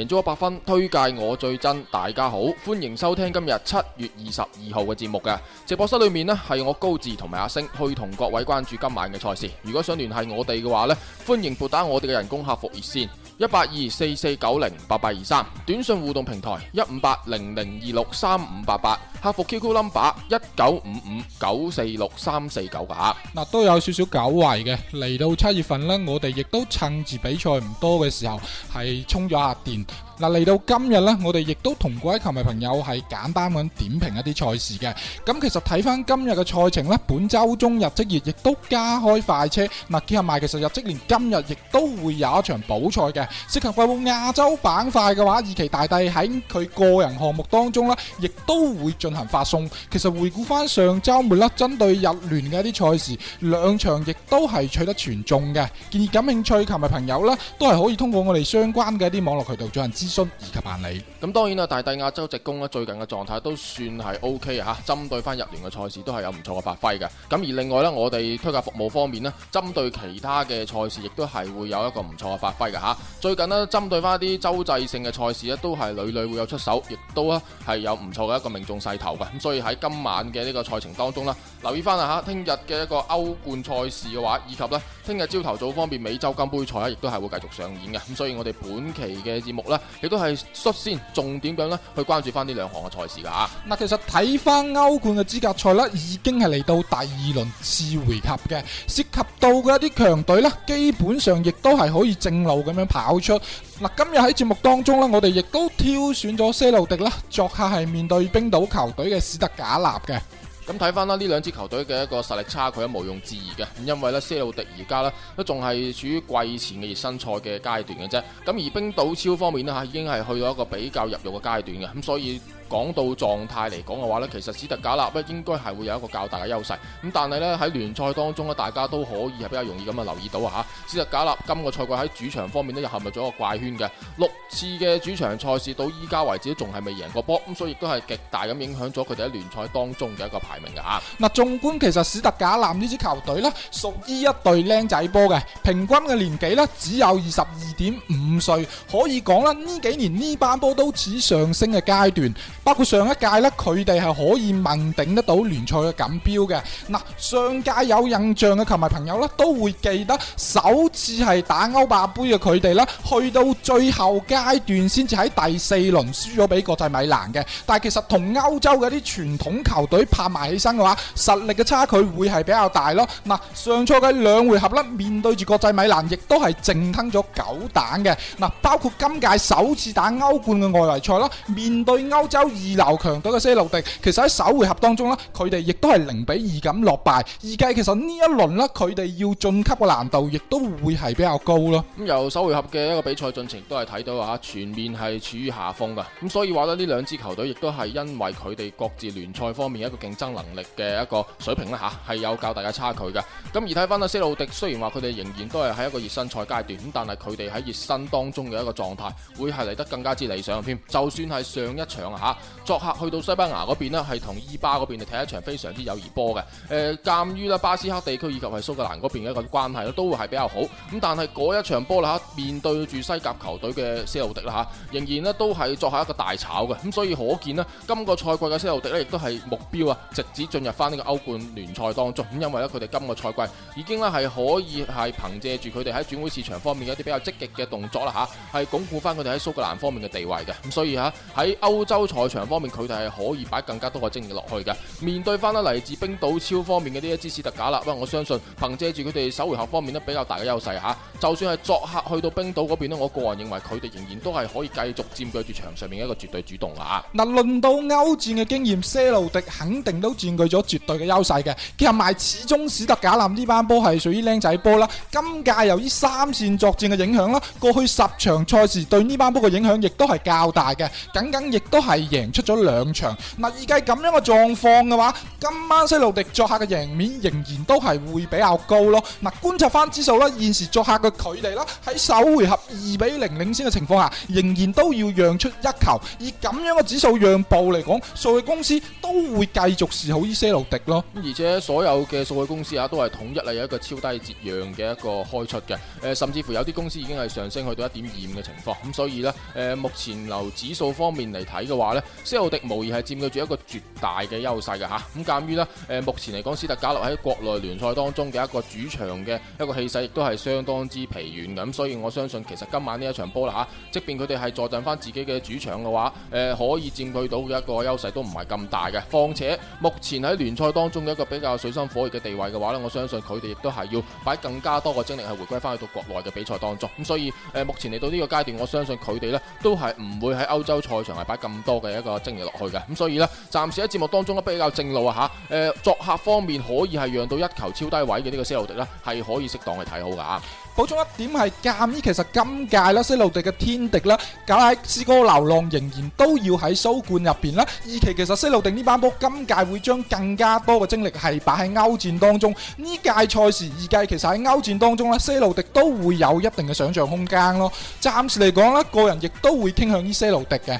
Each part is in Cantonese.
贏足一百 FUN，推介我最真，大家好，歡迎收聽今日七月二十二號嘅節目嘅。直播室裏面呢係我高志同埋阿星去同各位關注今晚嘅賽事。如果想聯繫我哋嘅話呢，歡迎撥打我哋嘅人工客服熱線一八二四四九零八八二三，23, 短信互動平台一五八零零二六三五八八。客服 QQ number 一九五五九四六三四九八。嗱，都有少少久違嘅。嚟到七月份呢，我哋亦都趁住比賽唔多嘅時候，係充咗下電。嗱，嚟到今日呢，我哋亦都同各位球迷朋友係簡單咁點評一啲賽事嘅。咁其實睇翻今日嘅賽程呢，本週中日職亦都加開快車。嗱，兼埋其實日職聯今日亦都會有一場補賽嘅。適合關注亞洲板塊嘅話，二期大帝喺佢個人項目當中呢，亦都會進行發送。其實回顧翻上週末啦，針對日聯嘅一啲賽事，兩場亦都係取得全中嘅。建議感興趣球迷朋友呢，都係可以通過我哋相關嘅一啲網絡渠道進行以及行理，咁當然啦，大帝亞洲直工咧最近嘅狀態都算係 O K 啊，針對翻入聯嘅賽事都係有唔錯嘅發揮嘅。咁而另外呢，我哋推介服務方面呢，針對其他嘅賽事亦都係會有一個唔錯嘅發揮嘅吓。最近呢，針對翻啲洲際性嘅賽事呢，都係屢屢會有出手，亦都啊係有唔錯嘅一個命中勢頭嘅。咁所以喺今晚嘅呢個賽程當中呢，留意翻啊吓，聽日嘅一個歐冠賽事嘅話，以及呢。聽日朝頭早方面，美洲金杯賽咧，亦都係會繼續上演嘅。咁所以，我哋本期嘅節目呢，亦都係率先重點咁樣去關注翻呢兩項嘅賽事噶吓、啊。嗱，其實睇翻歐冠嘅資格賽呢，已經係嚟到第二輪次回合嘅，涉及到嘅一啲強隊呢，基本上亦都係可以正路咁樣跑出。嗱，今日喺節目當中呢，我哋亦都挑選咗西路迪啦，作客係面對冰島球隊嘅史特賈納嘅。咁睇翻啦，呢兩支球隊嘅一個實力差距都無庸置疑嘅，因為呢，西洛迪而家呢，都仲係處於季前嘅熱身賽嘅階段嘅啫，咁而冰島超方面呢吓，已經係去到一個比較入肉嘅階段嘅，咁所以，講到狀態嚟講嘅話呢，其實史特加納咧應該係會有一個較大嘅優勢。咁但係呢，喺聯賽當中大家都可以係比較容易咁啊，留意到吓，史特加納今個賽季喺主場方面呢又陷入咗一個怪圈嘅，六次嘅主場賽事到依家為止仲係未贏過波，咁所以亦都係極大咁影響咗佢哋喺聯賽當中嘅一個排名嘅吓。嗱，縱觀其實史特加納呢支球隊呢，屬於一隊靚仔波嘅，平均嘅年紀呢，只有二十二點五歲，可以講啦，呢幾年呢班波都似上升嘅階段。包括上一屆呢佢哋係可以問鼎得到聯賽嘅錦標嘅。嗱、啊,上屆有印象嘅球迷朋友呢，都會記得首次係打歐霸盃嘅佢哋呢，去到最後階段先至喺第四輪輸咗俾國際米蘭嘅。但係其實同歐洲嗰啲傳統球隊拍埋起身嘅話，實力嘅差距會係比較大咯。嗱、啊,上個賽季兩回合呢，面對住國際米蘭，亦都係淨吞咗九蛋嘅。嗱，包括今屆首次打歐冠嘅外圍賽咯，面對歐洲。二流強隊嘅西路迪其實喺首回合當中呢，佢哋亦都係零比二咁落敗。而計其實呢一輪呢，佢哋要晉級嘅難度亦都會係比較高咯。咁由首回合嘅一個比賽進程都係睇到啊，全面係處於下風嘅。咁所以話呢，呢兩支球隊亦都係因為佢哋各自聯賽方面一個競爭能力嘅一個水平咧吓，係有較大嘅差距嘅。咁而睇翻啦，西路迪雖然話佢哋仍然都係喺一個熱身賽階段，咁但係佢哋喺熱身當中嘅一個狀態會係嚟得更加之理想添。就算係上一場嚇。作客去到西班牙嗰邊呢係同伊巴嗰邊嚟踢一場非常之友誼波嘅。誒、呃，鑒於咧巴斯克地區以及係蘇格蘭嗰邊嘅一個關係都會係比較好。咁但係嗰一場波啦面對住西甲球隊嘅西奧迪啦吓，仍然呢都係作下一個大炒嘅。咁所以可見呢今個賽季嘅些路迪呢，亦都係目標啊，直指進入翻呢個歐冠聯賽當中。咁因為呢，佢哋今個賽季已經呢係可以係憑借住佢哋喺轉會市場方面嘅一啲比較積極嘅動作啦吓，係鞏固翻佢哋喺蘇格蘭方面嘅地位嘅。咁所以吓喺歐洲賽。場方面佢哋係可以擺更加多個精力落去嘅，面對翻啦嚟自冰島超方面嘅呢一支史特賈納，不過我相信憑借住佢哋首回合方面咧比較大嘅優勢吓，就算係作客去到冰島嗰邊咧，我個人認為佢哋仍然都係可以繼續佔據住場上面一個絕對主動啦嗱，輪到歐戰嘅經驗，些路迪肯定都佔據咗絕對嘅優勢嘅。其實埋始終史特賈納呢班波係屬於靚仔波啦。今屆由於三綫作戰嘅影響啦，過去十場賽事對呢班波嘅影響亦都係較大嘅，僅僅亦都係贏。贏出咗兩場，嗱，預計咁樣嘅狀況嘅話，今晚西路迪作客嘅贏面仍然都係會比較高咯。嗱，觀察翻指數啦，現時作客嘅距離啦,喺首回合二比零領先嘅情況下，仍然都要讓出一球。以咁樣嘅指數讓步嚟講，數據公司都會繼續示好於西路迪咯。咁而且所有嘅數據公司啊，都係統一嚟有一個超低折讓嘅一個開出嘅。誒，甚至乎有啲公司已經係上升去到一點二五嘅情況。咁所以呢，誒，目前流指數方面嚟睇嘅話呢。斯浩迪無疑係佔據住一個絕大嘅優勢嘅吓，咁、啊、鑒、嗯、於呢，誒、呃、目前嚟講，斯特加勒喺國內聯賽當中嘅一個主場嘅一個氣勢，亦都係相當之疲軟嘅，咁所以我相信其實今晚呢一場波啦吓，即便佢哋係坐陣翻自己嘅主場嘅話，誒、呃、可以佔據到嘅一個優勢都唔係咁大嘅，況且目前喺聯賽當中嘅一個比較水深火熱嘅地位嘅話咧，我相信佢哋亦都係要擺更加多嘅精力係回歸翻去到國內嘅比賽當中，咁、啊、所以誒、呃、目前嚟到呢個階段，我相信佢哋呢都係唔會喺歐洲賽場係擺咁多嘅。一個精力落去嘅，咁、嗯、所以呢，暫時喺節目當中都比較正路啊吓。誒、呃，作客方面可以係讓到一球超低位嘅呢個西路迪呢，係可以適當去睇好噶。補、啊、充一點係，鑑於其實今屆咧西路迪嘅天敵咧，格拉斯哥流浪仍然都要喺蘇冠入邊咧。二期其實西路迪呢班波今屆會將更加多嘅精力係擺喺歐戰當中。呢屆賽事二屆其實喺歐戰當中呢，西路迪都會有一定嘅想象空間咯。暫時嚟講咧，個人亦都會傾向呢西路迪嘅。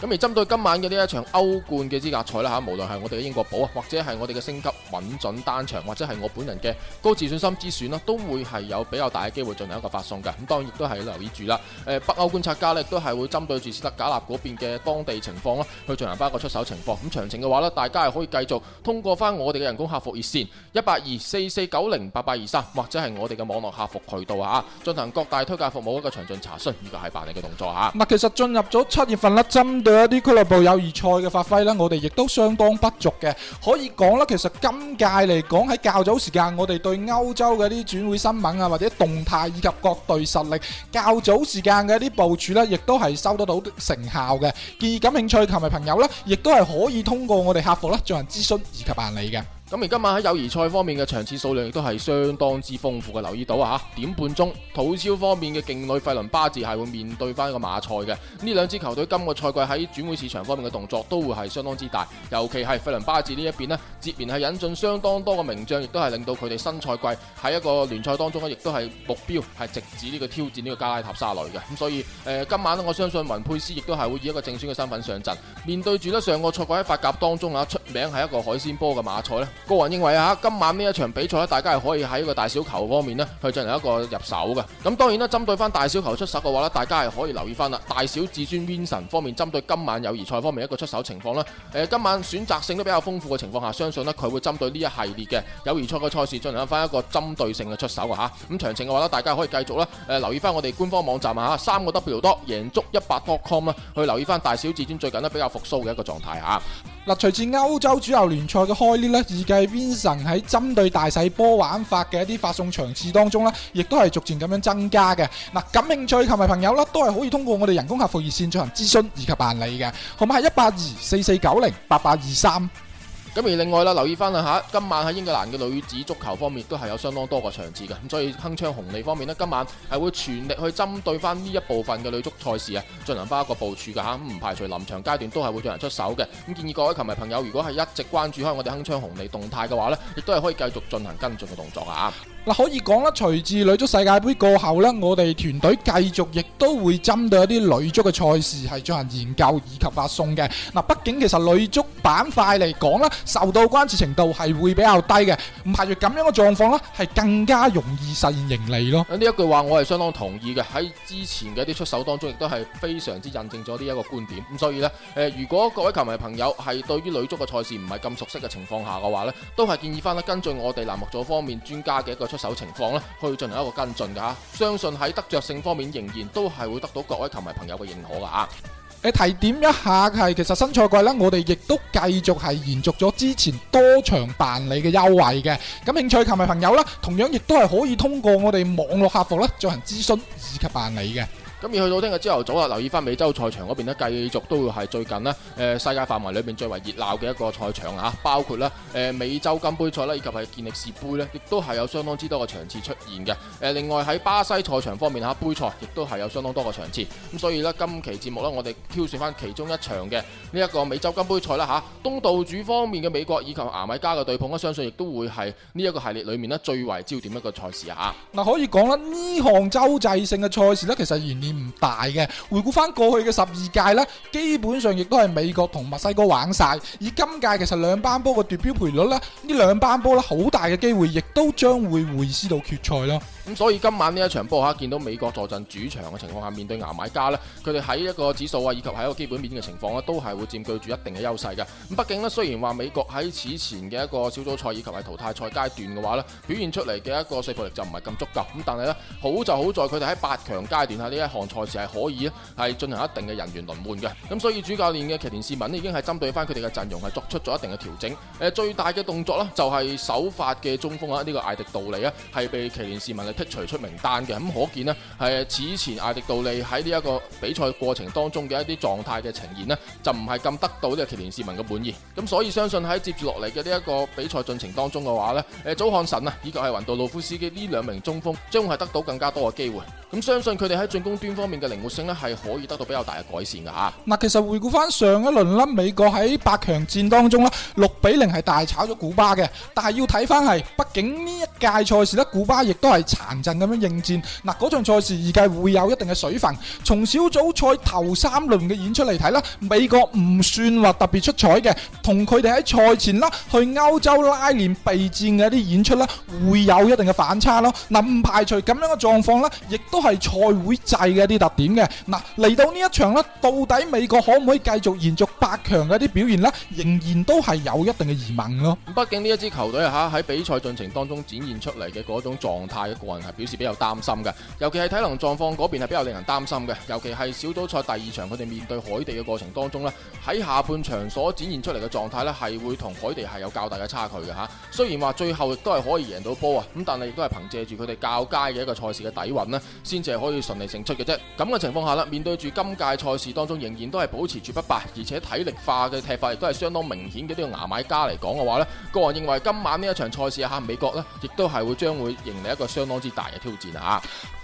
咁而針對今晚嘅呢一場歐冠嘅資格賽啦嚇，無論係我哋嘅英國寶啊，或者係我哋嘅升級穩準單場，或者係我本人嘅高自信心之選啦，都會係有比較大嘅機會進行一個發送嘅。咁當然亦都係留意住啦。北歐觀察家呢，都係會針對住斯德哥拉嗰邊嘅當地情況啦，去進行翻個出手情況。咁詳情嘅話咧，大家係可以繼續通過翻我哋嘅人工客服熱線一八二四四九零八八二三，或者係我哋嘅網絡客服渠道啊，進行各大推介服務一個詳盡查詢，呢個係辦理嘅動作嚇。其實進入咗七月份啦，對一啲俱樂部友誼賽嘅發揮呢，我哋亦都相當不俗嘅。可以講啦，其實今屆嚟講喺較早時間，我哋對歐洲嘅啲轉會新聞啊，或者動態以及各隊實力較早時間嘅一啲部署呢，亦都係收得到成效嘅。建議感興趣球迷朋友呢，亦都係可以通過我哋客服啦，進行諮詢以及辦理嘅。咁而今晚喺友誼賽方面嘅場次數量亦都係相當之豐富嘅，留意到啊吓，點半鐘土超方面嘅勁旅費倫巴治係會面對翻一個馬賽嘅，呢兩支球隊今個賽季喺轉會市場方面嘅動作都會係相當之大，尤其係費倫巴治呢一邊呢，接連係引進相當多嘅名將，亦都係令到佢哋新賽季喺一個聯賽當中咧，亦都係目標係直指呢個挑戰呢個加拉塔沙雷嘅。咁所以誒、呃、今晚咧，我相信雲佩斯亦都係會以一個正選嘅身份上陣，面對住咧上個賽季喺法甲當中啊。名係一個海鮮波嘅馬賽呢，個人認為啊，今晚呢一場比賽呢，大家係可以喺個大小球方面呢去進行一個入手嘅。咁當然啦，針對翻大小球出手嘅話呢，大家係可以留意翻啦。大小至尊 Vinson 方面，針對今晚友誼賽方面一個出手情況啦。今晚選擇性都比較豐富嘅情況下，相信呢佢會針對呢一系列嘅友誼賽嘅賽事進行翻一個針對性嘅出手嘅。咁詳情嘅話呢，大家可以繼續啦留意翻我哋官方網站啊，三個 W 多贏足一百 .com 去留意翻大小至尊最近比較復甦嘅一個狀態。嗱，隨住歐洲主流聯賽嘅開裂咧，預計 Vincent 喺針對大細波玩法嘅一啲發送場次當中咧，亦都係逐漸咁樣增加嘅。嗱，感興趣球迷朋友啦，都係可以通過我哋人工客服熱線進行諮詢以及辦理嘅，號碼係一八二四四九零八八二三。咁而另外啦，留意翻啦吓，今晚喺英格蘭嘅女子足球方面都係有相當多個場次嘅，咁所以亨昌紅利方面呢，今晚係會全力去針對翻呢一部分嘅女足賽事啊，進行翻一個部署嘅吓，唔排除臨場階段都係會進行出手嘅，咁建議各位球迷朋友，如果係一直關注開我哋亨昌紅利動態嘅話呢，亦都係可以繼續進行跟進嘅動作啊。嗱，可以講啦，隨住女足世界杯過後呢，我哋團隊繼續亦都會針對一啲女足嘅賽事係進行研究以及發送嘅。嗱，畢竟其實女足板塊嚟講啦，受到關注程度係會比較低嘅，唔排除咁樣嘅狀況呢，係更加容易實現盈利咯。呢一句話我係相當同意嘅，喺之前嘅一啲出手當中亦都係非常之印證咗呢一個觀點。咁所以呢，誒、呃，如果各位球迷朋友係對於女足嘅賽事唔係咁熟悉嘅情況下嘅話呢，都係建議翻啦，跟進我哋欄目組方面專家嘅一個。出手情況咧，去進行一個跟進㗎吓，相信喺得着性方面仍然都係會得到各位球迷朋友嘅認可嘅啊！你提點一下係，其實新賽季呢，我哋亦都繼續係延續咗之前多場辦理嘅優惠嘅，咁興趣的球迷朋友呢，同樣亦都係可以通過我哋網絡客服咧進行諮詢以及辦理嘅。咁而去到聽日朝頭早啊，留意翻美洲賽場嗰邊呢，繼續都會係最近呢世界範圍裏面最為熱鬧嘅一個賽場啊！包括啦美洲金杯賽呢，以及係健力士杯呢亦都係有相當之多嘅場次出現嘅。另外喺巴西賽場方面嚇，杯賽亦都係有相當多嘅場次。咁所以呢，今期節目呢，我哋挑選翻其中一場嘅呢一個美洲金杯賽啦嚇。東道主方面嘅美國以及牙買加嘅對碰，相信亦都會係呢一個系列裏面呢，最為焦點一個賽事啊！嗱，可以講啦，呢項洲際性嘅賽事呢，其實唔大嘅，回顧翻過去嘅十二屆咧，基本上亦都係美國同墨西哥玩晒。而今屆其實兩班波嘅奪標賠率咧，呢兩班波咧好大嘅機會，亦都將會會師到決賽咯。咁所以今晚呢一場波吓，見到美國坐鎮主場嘅情況下，面對牙買加咧，佢哋喺一個指數啊，以及喺一個基本面嘅情況咧，都係會佔據住一定嘅優勢嘅。咁畢竟咧，雖然話美國喺此前嘅一個小組賽以及係淘汰賽階段嘅話咧，表現出嚟嘅一個說服力就唔係咁足夠，咁但係咧，好就好在佢哋喺八強階段下呢一項賽事係可以咧係進行一定嘅人員輪換嘅。咁所以主教練嘅祁連斯文咧已經係針對翻佢哋嘅陣容係作出咗一定嘅調整。誒，最大嘅動作啦，就係首發嘅中鋒啊呢個艾迪杜利啊，係被祁連斯文嘅剔除出名單嘅，咁可見呢係此前艾迪杜利喺呢一個比賽過程當中嘅一啲狀態嘅呈現呢，就唔係咁得到呢個市民嘅滿意。咁所以相信喺接住落嚟嘅呢一個比賽進程當中嘅話呢，誒，早漢臣啊，以及係雲杜魯夫斯基呢兩名中鋒，將會係得到更加多嘅機會。咁相信佢哋喺進攻端方面嘅靈活性呢，係可以得到比較大嘅改善㗎。嚇。嗱，其實回顧翻上一輪啦，美國喺八強戰當中呢，六比零係大炒咗古巴嘅，但係要睇翻係，畢竟呢一屆賽事呢古巴亦都係。嚴陣咁樣應戰，嗱，嗰場賽事預計會有一定嘅水分。從小組賽頭三輪嘅演出嚟睇啦，美國唔算話特別出彩嘅，同佢哋喺賽前啦去歐洲拉練備戰嘅一啲演出啦，會有一定嘅反差咯。嗱，唔排除咁樣嘅狀況啦，亦都係賽會制嘅一啲特點嘅。嗱，嚟到呢一場啦，到底美國可唔可以繼續延續八強嘅一啲表現呢？仍然都係有一定嘅疑問咯。畢竟呢一支球隊吓，喺比賽進程當中展現出嚟嘅嗰種狀態，一係表示比較擔心嘅，尤其係體能狀況嗰邊係比較令人擔心嘅。尤其係小組賽第二場，佢哋面對海地嘅過程當中咧，喺下半場所展現出嚟嘅狀態咧，係會同海地係有較大嘅差距嘅嚇。雖然話最後亦都係可以贏到波啊，咁但係亦都係憑藉住佢哋較佳嘅一個賽事嘅底蘊咧，先至係可以順利勝出嘅啫。咁嘅情況下啦，面對住今屆賽事當中仍然都係保持住不敗，而且體力化嘅踢法亦都係相當明顯嘅呢個牙買加嚟講嘅話咧，個人認為今晚呢一場賽事嚇美國呢亦都係會將會迎嚟一個相當之大嘅挑戰吓，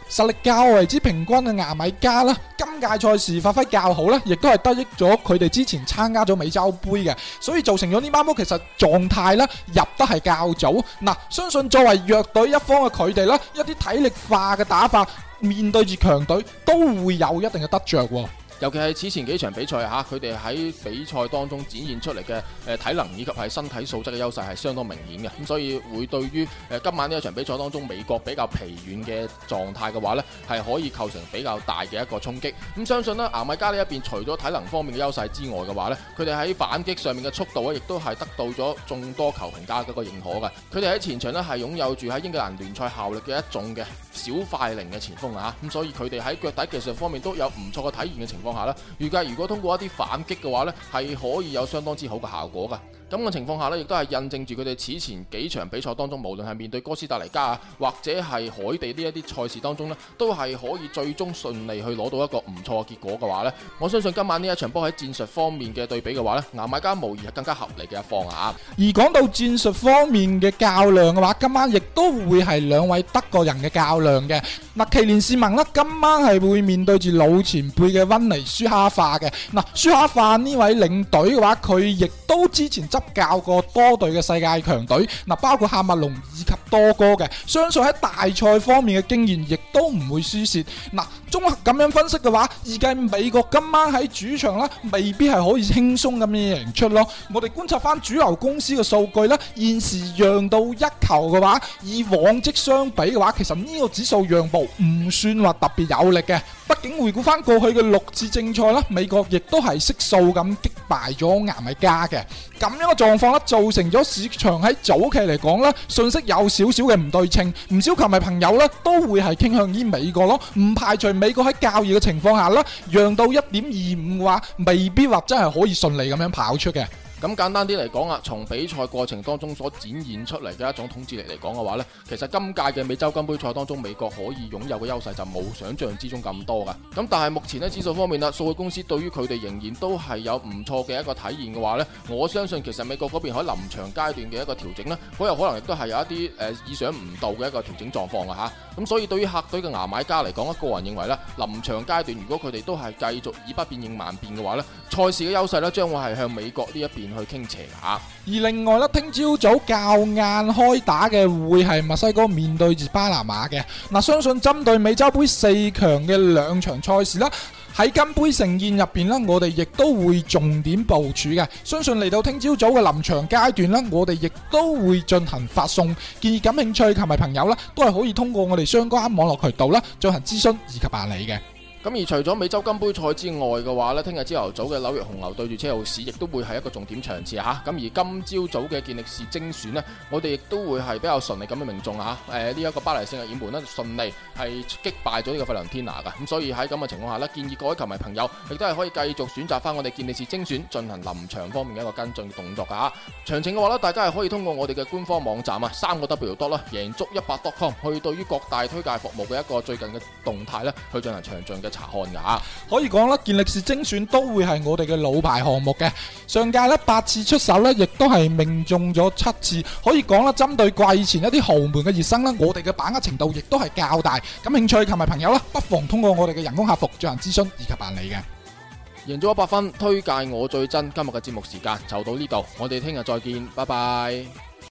實力較為之平均嘅牙買加啦，今屆賽事發揮較好啦，亦都係得益咗佢哋之前參加咗美洲杯嘅，所以造成咗呢班波其實狀態啦入得係較早。嗱，相信作為弱隊一方嘅佢哋啦，一啲體力化嘅打法面對住強隊都會有一定嘅得着。尤其係此前幾場比賽嚇，佢哋喺比賽當中展現出嚟嘅誒體能以及係身體素質嘅優勢係相當明顯嘅，咁所以會對於誒今晚呢一場比賽當中美國比較疲軟嘅狀態嘅話咧，係可以構成比較大嘅一個衝擊。咁、嗯、相信咧、啊，牙買加呢一邊除咗體能方面嘅優勢之外嘅話咧，佢哋喺反擊上面嘅速度咧，亦都係得到咗眾多球評家嘅一個認可嘅。佢哋喺前場咧係擁有住喺英格蘭聯賽效力嘅一種嘅小快靈嘅前鋒啊嚇，咁所以佢哋喺腳底技術方面都有唔錯嘅體現嘅情況下咧，預計如果通過一啲反擊嘅話呢係可以有相當之好嘅效果噶。咁嘅情況下呢亦都係印證住佢哋此前幾場比賽當中，無論係面對哥斯達黎加啊，或者係海地呢一啲賽事當中呢都係可以最終順利去攞到一個唔錯嘅結果嘅話呢，我相信今晚呢一場波喺戰術方面嘅對比嘅話呢，牙買加無疑係更加合理嘅一方啊。而講到戰術方面嘅較量嘅話，今晚亦都會係兩位德國人嘅較量嘅。嗱，奇連士文咧，今晚係會面對住老前輩嘅溫。係舒哈化嘅嗱、啊，舒哈化呢位領隊嘅話，佢亦都之前執教過多隊嘅世界強隊，嗱、啊，包括哈密龍以及多哥嘅，相信喺大賽方面嘅經驗亦都唔會輸蝕嗱。啊。綜合咁樣分析嘅話，預計美國今晚喺主場啦，未必係可以輕鬆咁贏出咯。我哋觀察翻主流公司嘅數據咧，現時讓到一球嘅話，以往績相比嘅話，其實呢個指數讓步唔算話特別有力嘅。畢竟回顧翻過去嘅六次正賽咧，美國亦都係悉數咁擊敗咗牙買加嘅。咁樣嘅狀況咧，造成咗市場喺早期嚟講咧，信息有少少嘅唔對稱，唔少球迷朋友咧都會係傾向於美國咯，唔排除。美國喺交易嘅情況下咧，讓到一點二五話，未必或真係可以順利咁樣跑出嘅。咁簡單啲嚟講啊，從比賽過程當中所展現出嚟嘅一種統治力嚟講嘅話呢，其實今屆嘅美洲金杯賽當中，美國可以擁有嘅優勢就冇想象之中咁多嘅。咁但係目前呢，指數方面啦，數據公司對於佢哋仍然都係有唔錯嘅一個體驗嘅話呢，我相信其實美國嗰邊喺臨場階段嘅一個調整呢，好有可能亦都係有一啲誒意想唔到嘅一個調整狀況啊。吓。咁所以對於客隊嘅牙買加嚟講，個人認為呢，臨場階段如果佢哋都係繼續以不變應萬變嘅話呢，賽事嘅優勢呢將會係向美國呢一邊去傾斜嚇。而另外呢，聽朝早較晏開打嘅會係墨西哥面對住巴拿馬嘅嗱，相信針對美洲杯四強嘅兩場賽事啦喺金杯盛宴入邊呢，我哋亦都會重點部署嘅。相信嚟到聽朝早嘅臨場階段呢，我哋亦都會進行發送。建議感興趣球迷朋友呢都係可以通過我哋相關網絡渠道啦，進行諮詢以及辦理嘅。咁而除咗美洲金杯賽之外嘅話呢，聽日朝頭早嘅紐約紅牛對住車路士，亦都會係一個重點場次吓。咁、啊、而今朝早嘅健力士精選呢，我哋亦都會係比較順利咁嘅命中吓。誒呢一個巴黎聖日耳門呢，順利係擊敗咗呢個費倫天拿噶。咁所以喺咁嘅情況下呢，建議各位球迷朋友亦都係可以繼續選擇翻我哋健力士精選進行臨場方面嘅一個跟進動作噶吓。詳、啊、情嘅話呢，大家係可以通過我哋嘅官方網站啊，三個 W 多啦，贏足一百 .com 去對於各大推介服務嘅一個最近嘅動態呢，去進行詳盡嘅。查看噶吓，可以講啦，健力士精選都會係我哋嘅老牌項目嘅。上屆咧八次出手呢，亦都係命中咗七次。可以講啦，針對季前一啲豪門嘅熱身呢，我哋嘅把握程度亦都係較大。感興趣嘅球迷朋友啦，不妨通過我哋嘅人工客服進行諮詢以及辦理嘅。贏足 100FUN，推介我最真。今日嘅節目時間就到呢度，我哋聽日再見，拜拜。